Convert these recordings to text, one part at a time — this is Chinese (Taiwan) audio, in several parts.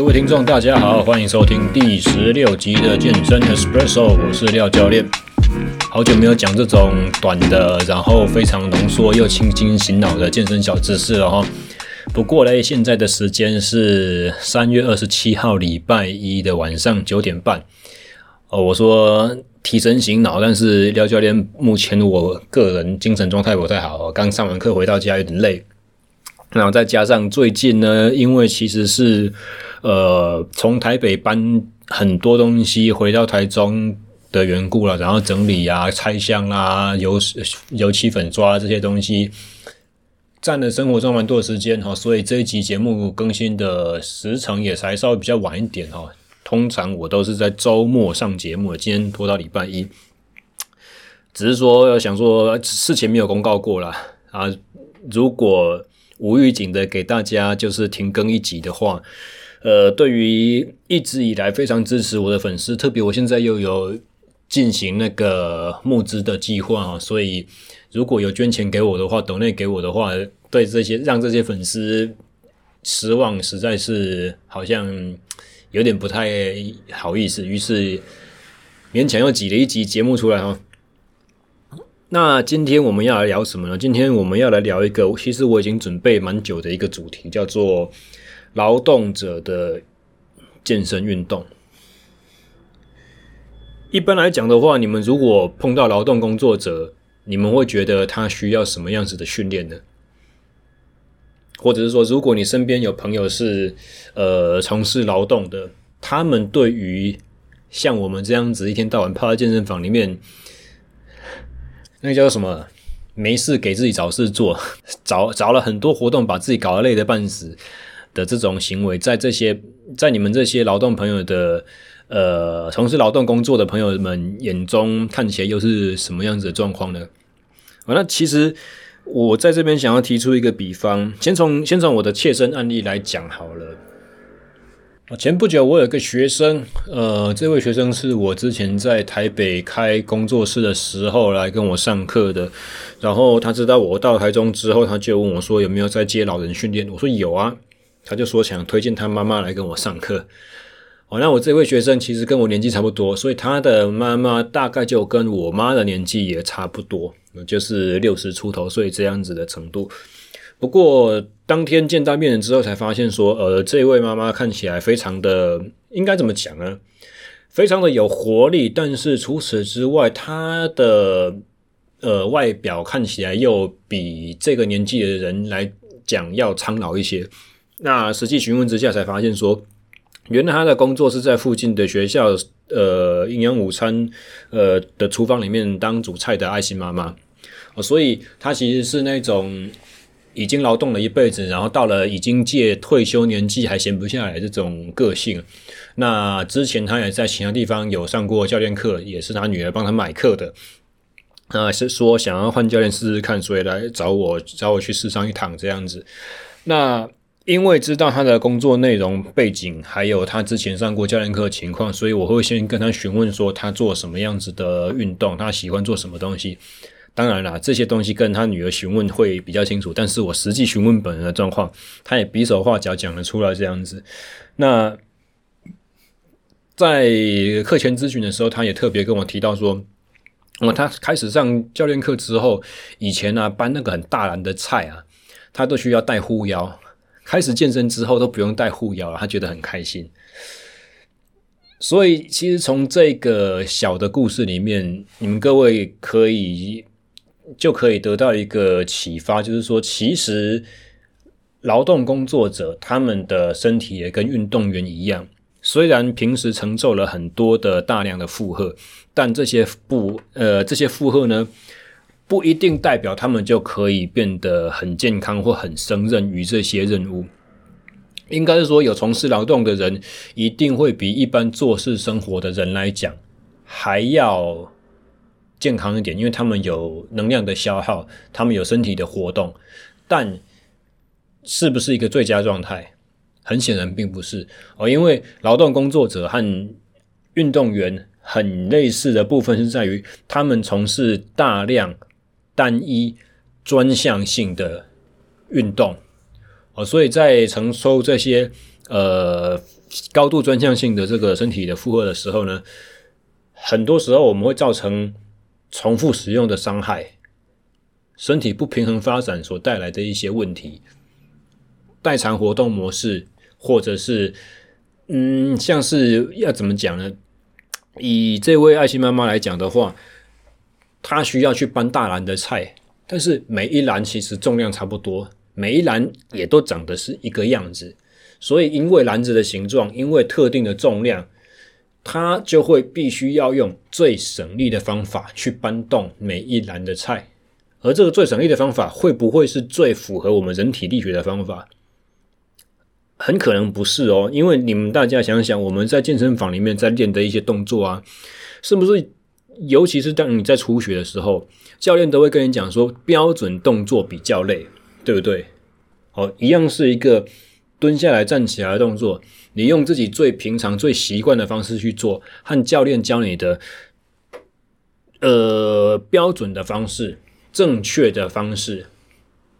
各位聽眾，大家好，歡迎收聽第十六集的健身 Espresso，我是廖教練。好久沒有講這種短的，然後非常濃縮又清新醒腦的健身小知識了、哦、哈。不過嘞，現在的時間是三月二十七號禮拜一的晚上九點半。哦，我說提神醒腦，但是廖教練目前我個人精神狀態不太好，剛上完課回到家有點累。然後再加上最近呢，因為其實是，呃，從台北搬很多東西回到台中的緣故了，然後整理啊、拆箱啊，油油漆粉刷這些東西，占了生活上蠻多的時間哈、哦。所以這一集節目更新的時長也才稍微比較晚一點哦。通常我都是在周末上節目，今天拖到禮拜一，只是說想說事前沒有公告過了啊，如果。無預警的給大家就是停更一集的話，呃，對於一直以來非常支持我的粉絲，特別我現在又有進行那個募資的計劃啊、哦，所以如果有捐錢給我的話，抖、嗯、內給我的話，對，這些讓這些粉絲失望，實在是好像有點不太好意思，於是勉強又擠了一集節目出來哈、哦。那今天我們要來聊什麼呢？今天我們要來聊一個，其實我已經準備蠻久的一個主題，叫做勞動者的健身運動。一般來講的話，你們如果碰到勞動工作者，你們會覺得他需要什麼樣子的訓練呢？或者是說，如果你身邊有朋友是呃從事勞動的，他們對於像我們這樣子一天到晚泡在健身房裡面，那個叫什麼？沒事給自己找事做，找找了很多活動，把自己搞得累得半死的這種行為，在這些在你們這些勞動朋友的呃從事勞動工作的朋友們眼中，看起來又是什麼樣子的狀況呢？啊，那其實我在這邊想要提出一個比方，先從先從我的切身案例來講好了。前不久我有個學生，呃，這位學生是我之前在台北開工作室的時候來跟我上課的，然後他知道我到台中之後，他就問我說，有沒有在接老人訓練，我說有啊，他就說想推薦他媽媽來跟我上課。好、哦，那我這位學生其實跟我年紀差不多，所以他的媽媽大概就跟我媽的年紀也差不多，就是六十出頭，所以這樣子的程度。不過當天見到面人之後，才發現說，呃，這位媽媽看起來非常的應該怎麼講呢、啊？非常的有活力，但是除此之外，她的呃外表看起來又比這個年紀的人來講要蒼老一些。那實際詢問之下，才發現說，原來她的工作是在附近的學校，呃，營養午餐，呃的廚房裡面當煮菜的愛心媽媽、呃。所以她其實是那種。已經勞動了一輩子，然後到了已經屆退休年紀，還閒不下來這種個性。那之前他也在其他地方有上過教練課，也是他女兒幫他買課的。那、呃、是說想要換教練試試看，所以來找我，找我去試上一堂這樣子。那因為知道他的工作內容背景，還有他之前上過教練課的情況，所以我會先跟他詢問說，他做什麼樣子的運動，他喜歡做什麼東西。當然啦，這些東西跟他女兒詢問會比較清楚，但是我實際詢問本人的狀況，他也比手畫腳講了出來這樣子。那在課前諮詢的時候，他也特別跟我提到說，我、哦、他開始上教練課之後，以前啊搬那個很大籃的菜啊，他都需要帶護腰；開始健身之後都不用帶護腰了，他覺得很開心。所以其實從這個小的故事裡面，你們各位可以。就可以得到一個啟發，就是說，其實勞動工作者他們的身體也跟運動員一樣，雖然平時承受了很多的大量的負荷，但這些不呃這些負荷呢，不一定代表他們就可以變得很健康或很勝任於這些任務。應該是說，有從事勞動的人，一定會比一般坐式生活的人來講還要。健康一點，因為他們有能量的消耗，他們有身體的活動，但是不是一個最佳狀態？很顯然並不是哦。因為勞動工作者和運動員很類似的部分是在於，他們從事大量單一專項性的運動哦，所以在承受這些呃高度專項性的這個身體的負荷的時候呢，很多時候我們會造成。重複使用的傷害，身體不平衡發展所帶來的一些問題，代償活動模式，或者是，嗯，像是要怎麼講呢？以這位愛心媽媽來講的話，她需要去搬大籃的菜，但是每一籃其實重量差不多，每一籃也都長得是一個樣子，所以因為籃子的形狀，因為特定的重量。他就會必須要用最省力的方法去搬動每一籃的菜，而這個最省力的方法會不會是最符合我們人體力學的方法？很可能不是哦，因為你們大家想想，我們在健身房裡面在練的一些動作啊，是不是？尤其是當你在初學的時候，教練都會跟你講說標準動作比較累，對不對？哦，一樣是一個。蹲下來、站起來的動作，你用自己最平常、最習慣的方式去做，和教練教你的，呃，標準的方式、正確的方式、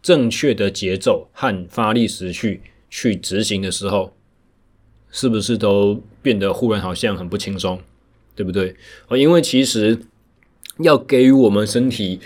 正確的節奏和發力時序執行的時候，是不是都變得忽然好像很不輕鬆，對不對？哦，因為其實要給予我們身體。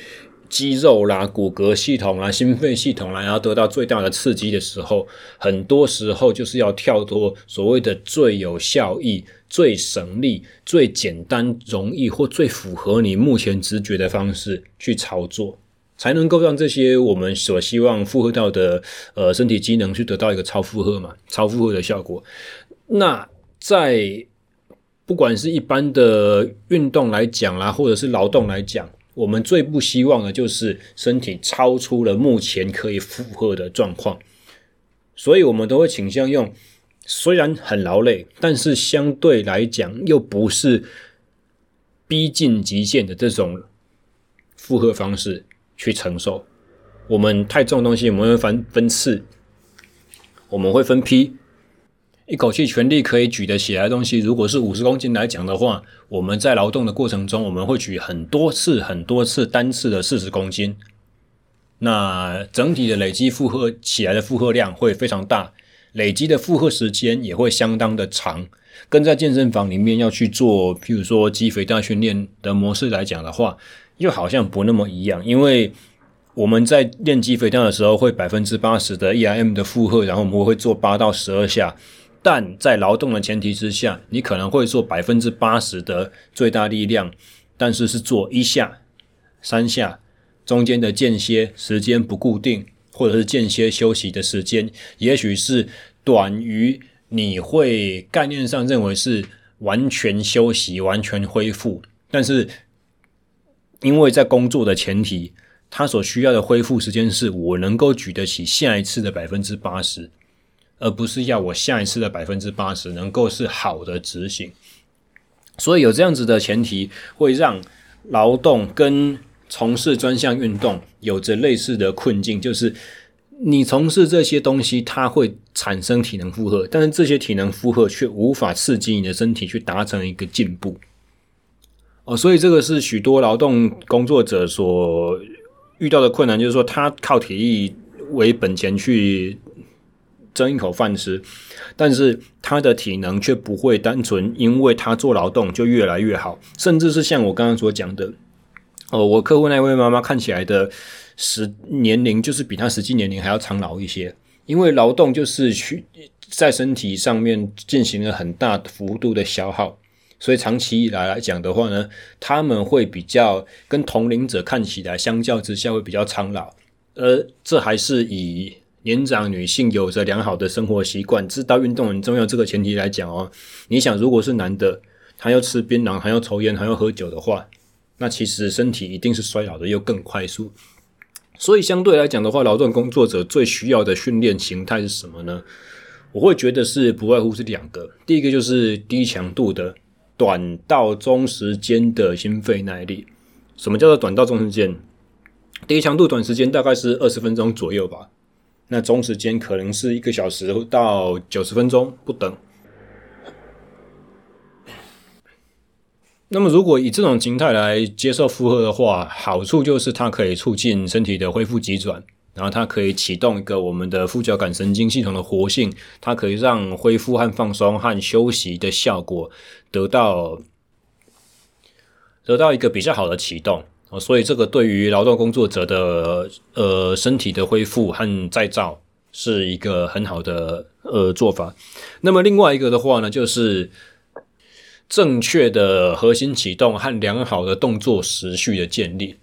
肌肉啦、骨骼系統啦、心肺系統啦，然後得到最大的刺激的時候，很多時候就是要跳脫所謂的最有效益、最省力、最簡單容易或最符合你目前直覺的方式去操作，才能夠讓這些我們所希望負荷到的呃身體機能去得到一個超負荷嘛、超負荷的效果。那在不管是一般的運動來講啦，或者是勞動來講。我們最不希望的，就是身體超出了目前可以負荷的狀況，所以，我們都會傾向用雖然很勞累，但是相對來講又不是逼近極限的這種負荷方式去承受。我們太重東西，我們會分分次，我們會分批。一口氣全力可以舉得起來的東西，如果是五十公斤來講的話，我們在勞動的過程中，我們會舉很多次、很多次單次的四十公斤。那整體的累積負荷起來的負荷量會非常大，累積的負荷時間也會相當的長。跟在健身房裡面要去做，譬如說肌肥大訓練的模式來講的話，又好像不那麼一樣。因為我們在練肌肥大的時候會80，會百分之八十的 1RM 的負荷，然後我們會做八到十二下。但在勞動的前提之下，你可能會做百分之八十的最大力量，但是是做一下、三下，中間的間歇時間不固定，或者是間歇休息的時間，也許是短於你會概念上認為是完全休息、完全恢復。但是因為在工作的前提，它所需要的恢復時間是我能夠舉得起下一次的百分之八十。而不是要我下一次的百分之八十能夠是好的執行，所以有這樣子的前提，會讓勞動跟從事專項運動有着類似的困境，就是你從事這些東西，它會產生體能負荷，但是這些體能負荷卻無法刺激你的身體去達成一個進步。哦，所以這個是許多勞動工作者所遇到的困難，就是說他靠體力為本錢去。掙一口飯吃，但是他的體能卻不會單純因為他做勞動就越來越好，甚至是像我剛剛所講的，哦，我客戶那位媽媽看起來的實年齡就是比她實際年齡還要蒼老一些，因為勞動就是去在身體上面進行了很大幅度的消耗，所以長期以來來講的話呢，他們會比較跟同齡者看起來相較之下會比較蒼老，而這還是以年長女性有着良好的生活習慣，知道運動很重要。這個前提來講哦，你想，如果是男的，還要吃檳榔，還要抽煙，還要喝酒的話，那其實身體一定是衰老的又更快速。所以相對來講的話，勞動工作者最需要的訓練形態是什麼呢？我會覺得是不外乎是兩個。第一個就是低強度的短到中時間的心肺耐力。什麼叫做短到中時間？低強度短時間大概是二十分鐘左右吧。那總時間可能是一個小時到九十分鐘不等。那麼，如果以這種形態來接受負荷的話，好處就是它可以促進身體的恢復機轉，然後它可以啟動一個我們的副交感神經系統的活性，它可以讓恢復和放鬆和休息的效果得到得到一個比較好的啟動。哦，所以這個對於勞動工作者的呃身體的恢復和再造是一個很好的呃做法。那麼另外一個的話呢，就是正確的核心啟動和良好的動作時序的建立。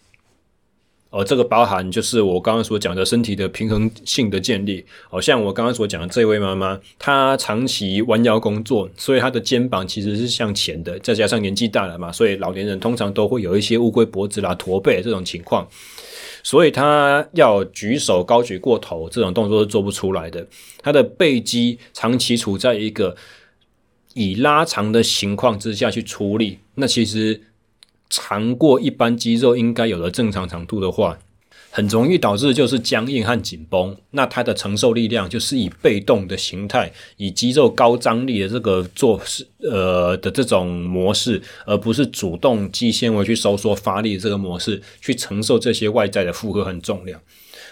哦，這個包含就是我剛剛所講的身體的平衡性的建立。好像我剛剛所講的這位媽媽，她長期彎腰工作，所以她的肩膀其實是向前的。再加上年紀大了嘛，所以老年人通常都會有一些烏龜脖子啦、駝背這種情況。所以她要舉手高舉過頭這種動作是做不出來的。她的背肌長期處在一個以拉長的情況之下去處理，那其實。長過一般肌肉應該有的正常長度的話，很容易導致就是僵硬和緊繃。那它的承受力量就是以被動的形態，以肌肉高張力的這個做呃的這種模式，而不是主動肌纖維去收縮發力的這個模式去承受這些外在的負荷和重量，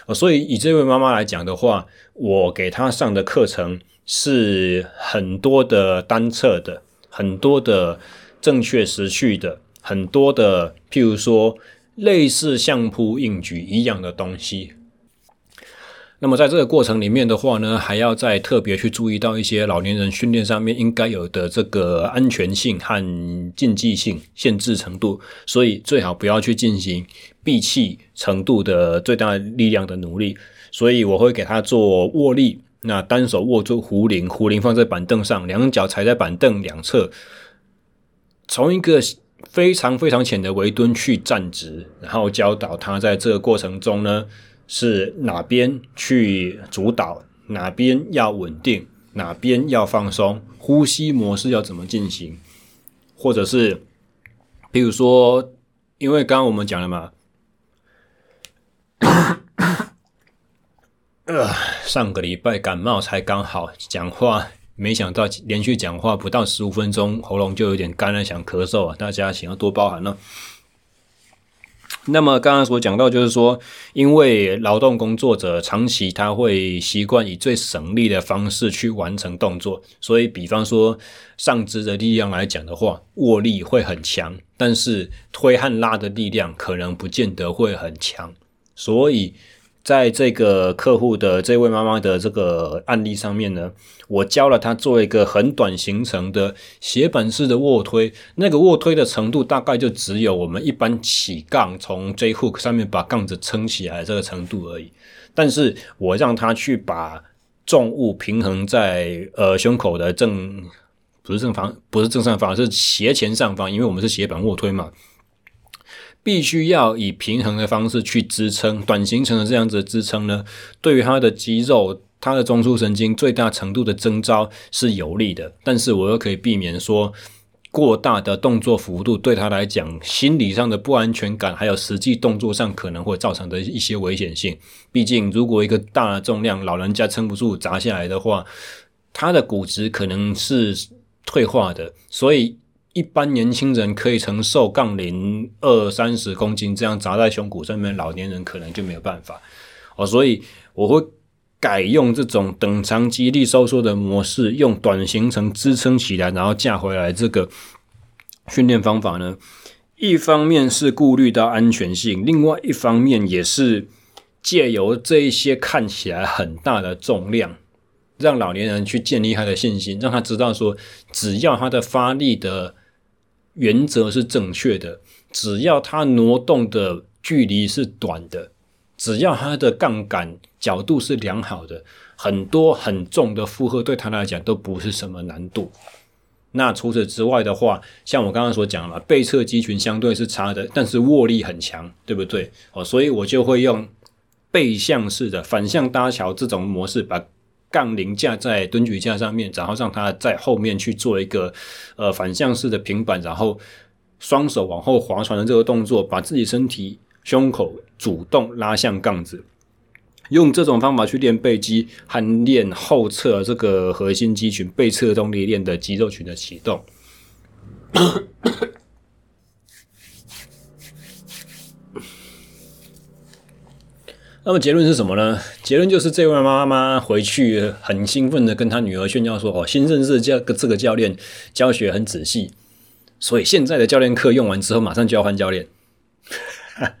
呃。所以以這位媽媽來講的話，我給她上的課程是很多的單側的，很多的正確時序的。很多的，譬如說類似相撲硬舉一樣的東西。那麼在這個過程裡面的話呢，還要再特別去注意到一些老年人訓練上面應該有的這個安全性和禁忌性限制程度。所以最好不要去進行閉氣程度的最大力量的努力。所以我會給他做握力，那單手握住壺鈴，壺鈴放在板凳上，兩腳踩在板凳兩側，從一個。非常非常淺的微蹲去站直，然後教導他在這個過程中呢，是哪邊去主導，哪邊要穩定，哪邊要放鬆，呼吸模式要怎麼進行，或者是，比如說，因為剛剛我們講了嘛， 呃、上個禮拜感冒才剛好，講話。沒想到連續講話不到十五分鐘，喉嚨就有點乾了，想咳嗽啊！大家想要多包涵呢。那麼剛剛所講到，就是說，因為勞動工作者長期他會習慣以最省力的方式去完成動作，所以比方說上肢的力量來講的話，握力會很強，但是推和拉的力量可能不見得會很強，所以。在這個客戶的這位媽媽的這個案例上面呢，我教了她做一個很短行程的斜板式的臥推，那個臥推的程度大概就只有我們一般起槓從 J hook 上面把槓子撐起來的這個程度而已。但是我讓她去把重物平衡在呃胸口的正，不是正方，不是正上方，是斜前上方，因為我們是斜板臥推嘛。必須要以平衡的方式去支撐，短行程的這樣子的支撐呢，對於他的肌肉、他的中樞神經最大程度的徵召是有利的，但是我又可以避免說過大的動作幅度對他來講心理上的不安全感，還有實際動作上可能會造成的一些危險性。畢竟，如果一個大重量老人家撐不住砸下來的話，他的骨質可能是退化的，所以。一般年輕人可以承受槓鈴二三十公斤這樣砸在胸骨上面，老年人可能就沒有辦法哦，所以我會改用這種等長肌力收縮的模式，用短行程支撐起來，然後架回來這個訓練方法呢。一方面是顧慮到安全性，另外一方面也是借由這一些看起來很大的重量，讓老年人去建立他的信心，讓他知道說，只要他的發力的。原則是正確的，只要它挪動的距離是短的，只要它的槓桿角度是良好的，很多很重的負荷對它來講都不是什麼難度。那除此之外的話，像我剛剛所講了，背側肌群相對是差的，但是握力很強，對不對？哦，所以我就會用背向式的反向搭橋這種模式，把槓鈴架在蹲舉架上面，然後讓他在後面去做一個呃反向式的平板，然後雙手往後划船的這個動作，把自己身體胸口主動拉向槓子，用這種方法去練背肌和練後側這個核心肌群，背側動力鏈的肌肉群的啟動。 那麼結論是什麼呢？結論就是這位媽媽，媽回去很興奮地跟她女兒炫耀說：“哦，新認識教、這個、這個教練教學很仔細，所以現在的教練課用完之後馬上就要換教練。 ”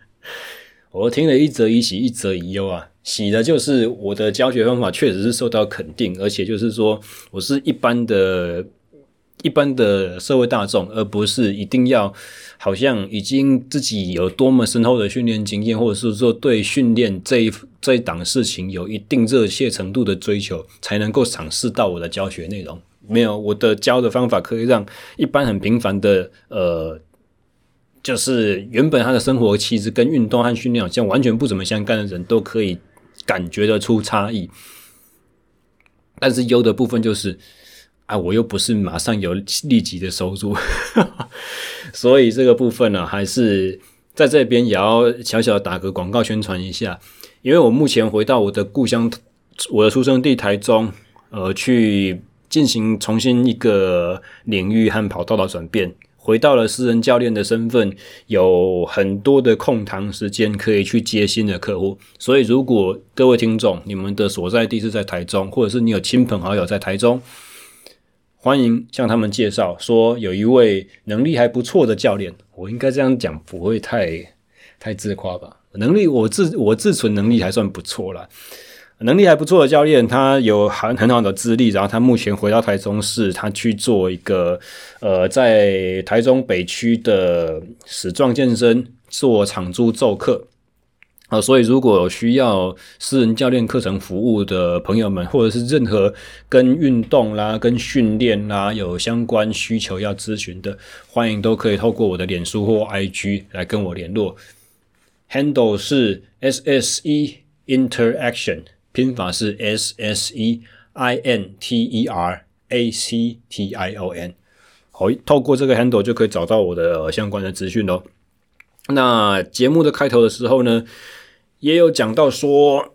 我聽了一則以喜，一則以憂啊，喜的就是我的教學方法確實是受到肯定，而且就是說我是一般的。一般的社會大眾，而不是一定要好像已經自己有多麼深厚的訓練經驗，或者是說對訓練這一這一檔事情有一定熱切程度的追求，才能夠賞識到我的教學內容。沒有，我的教的方法可以讓一般很平凡的，呃，就是原本他的生活其實跟運動和訓練好像完全不怎麼相干的人，都可以感覺得出差異。但是優的部分就是。啊，我又不是馬上有立即的收入， 所以這個部分呢、啊，還是在這邊也要小小的打個廣告宣傳一下。因為我目前回到我的故鄉，我的出生地台中，呃，去進行重新一個領域和跑道的轉變，回到了私人教練的身份，有很多的空堂時間可以去接新的客戶。所以，如果各位聽眾，你們的所在地是在台中，或者是你有親朋好友在台中，歡迎向他們介紹說，有一位能力還不錯的教練，我應該這樣講，不會太太自誇吧？能力我自我自存能力還算不錯啦。能力還不錯的教練，他有很很好的資歷，然後他目前回到台中市，他去做一個呃，在台中北區的史壯健身做場租授課。哦、所以如果需要私人教練課程服務的朋友們，或者是任何跟運動啦、跟訓練啦有相關需求要諮詢的，歡迎都可以透過我的臉書或 IG 來跟我聯絡。Handle 是 SSE Interaction，拼法是 SSE I N T E R A C T I O N，好，透過這個 Handle 就可以找到我的、呃、相關的資訊嘍。那節目的開頭的時候呢，也有講到說，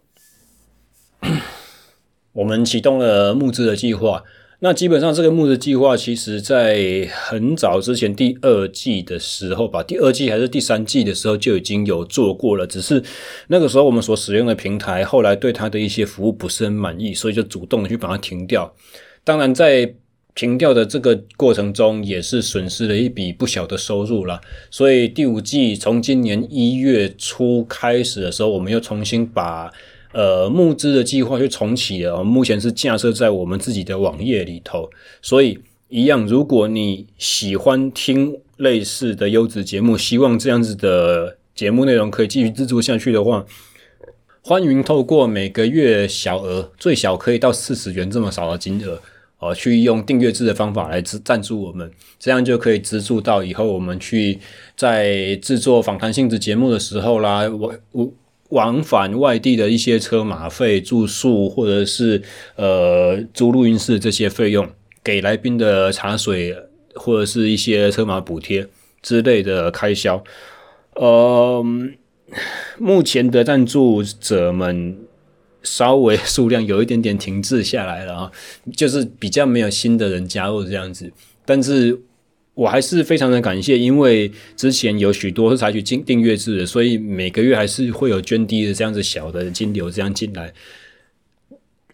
我們啟動了募資的計劃。那基本上這個募資計劃，其實在很早之前第二季的時候吧，第二季還是第三季的時候就已經有做過了。只是那個時候我們所使用的平台，後來對它的一些服務不是很滿意，所以就主動的去把它停掉。當然在，停掉的這個過程中，也是損失了一筆不小的收入了。所以第五季從今年一月初開始的時候，我們又重新把呃募資的計劃去重啟了。目前是架設在我們自己的網頁裡頭。所以一樣，如果你喜歡聽類似的優質節目，希望這樣子的節目內容可以繼續製作下去的話，歡迎透過每個月小額，最小可以到四十元這麼少的金額。哦，去用訂閱制的方法來支贊助我們，這樣就可以資助到以後我們去在制作訪談性質節目的時候啦，往往往返外地的一些車馬費、住宿，或者是呃租錄音室這些費用，給來賓的茶水或者是一些車馬補貼之類的開銷。嗯、呃，目前的贊助者們稍微數量有一點點停滯下來了啊，就是比較沒有新的人加入這樣子。但是我還是非常的感謝，因為之前有許多是採取金訂閱制的，所以每個月還是會有涓滴的這樣子小的金流這樣進來，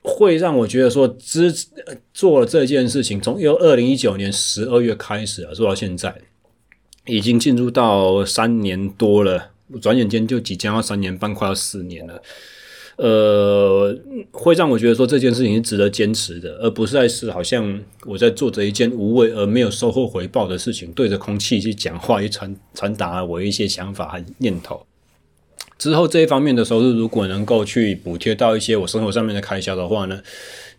會讓我覺得說，支做了這件事情，從又二零一九年十二月開始啊，做到現在，已經進入到三年多了，轉眼間就即將要三年半，快要四年了。呃，會讓我覺得說，這件事情是值得堅持的，而不再是，是好像我在做着一件無謂而沒有收穫回報的事情，對着空氣去講話，去傳傳達我一些想法和念頭。之後這一方面的時候，如果能夠去補貼到一些我生活上面的開銷的話呢，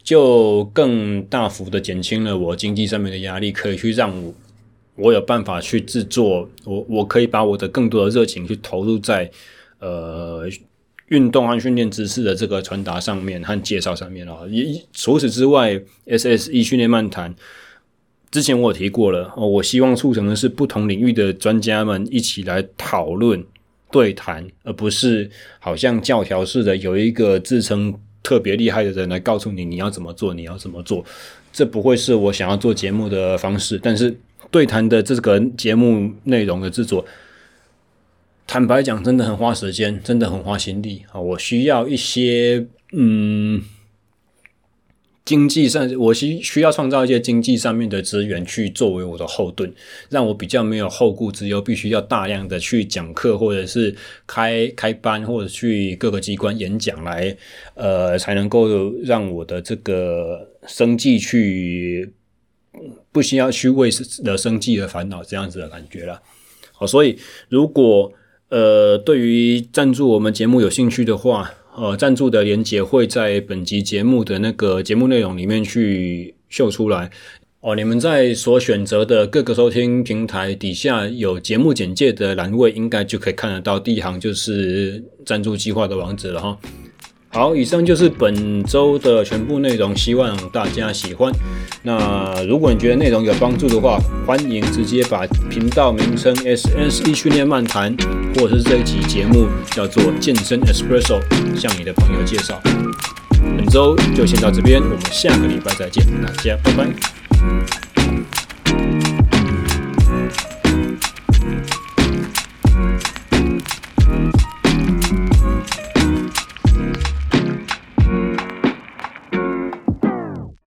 就更大幅的減輕了我經濟上面的壓力，可以去讓我我有辦法去製作。我，我可以把我的更多的熱情去投入在呃。運動和訓練知識的這個傳達上面和介紹上面，除此之外，SSE 訓練漫談之前我有提過了。我希望促成的是不同領域的專家們一起來討論對談，而不是好像教條似的有一個自稱特別厲害的人來告訴你，你要怎麼做，你要怎麼做。這不會是我想要做節目的方式。但是對談的這個節目內容的制作。坦白講，真的很花時間，真的很花心力啊！我需要一些，嗯，經濟上，我需需要創造一些經濟上面的資源去作為我的後盾，讓我比較沒有後顧之憂，必須要大量的去講課，或者是開開班，或者去各個機關演講，來，呃，才能夠讓我的這個生計去，不需要去為了生計而煩惱這樣子的感覺啦。好，所以如果呃，對於贊助我們節目有興趣的話，呃，贊助的鏈接會在本集節目的那個節目內容裡面去秀出來哦。你們在所選擇的各個收聽平台底下有節目簡介的欄位，應該就可以看得到，第一行就是贊助計劃的網址了哈。好，以上就是本周的全部內容，希望大家喜歡。那如果你覺得內容有幫助的話，歡迎直接把頻道名稱 SSE 訓練漫談，或者是這一期節目叫做健身 Espresso 向你的朋友介紹。本周就先到這邊，我們下個禮拜再見，大家拜拜。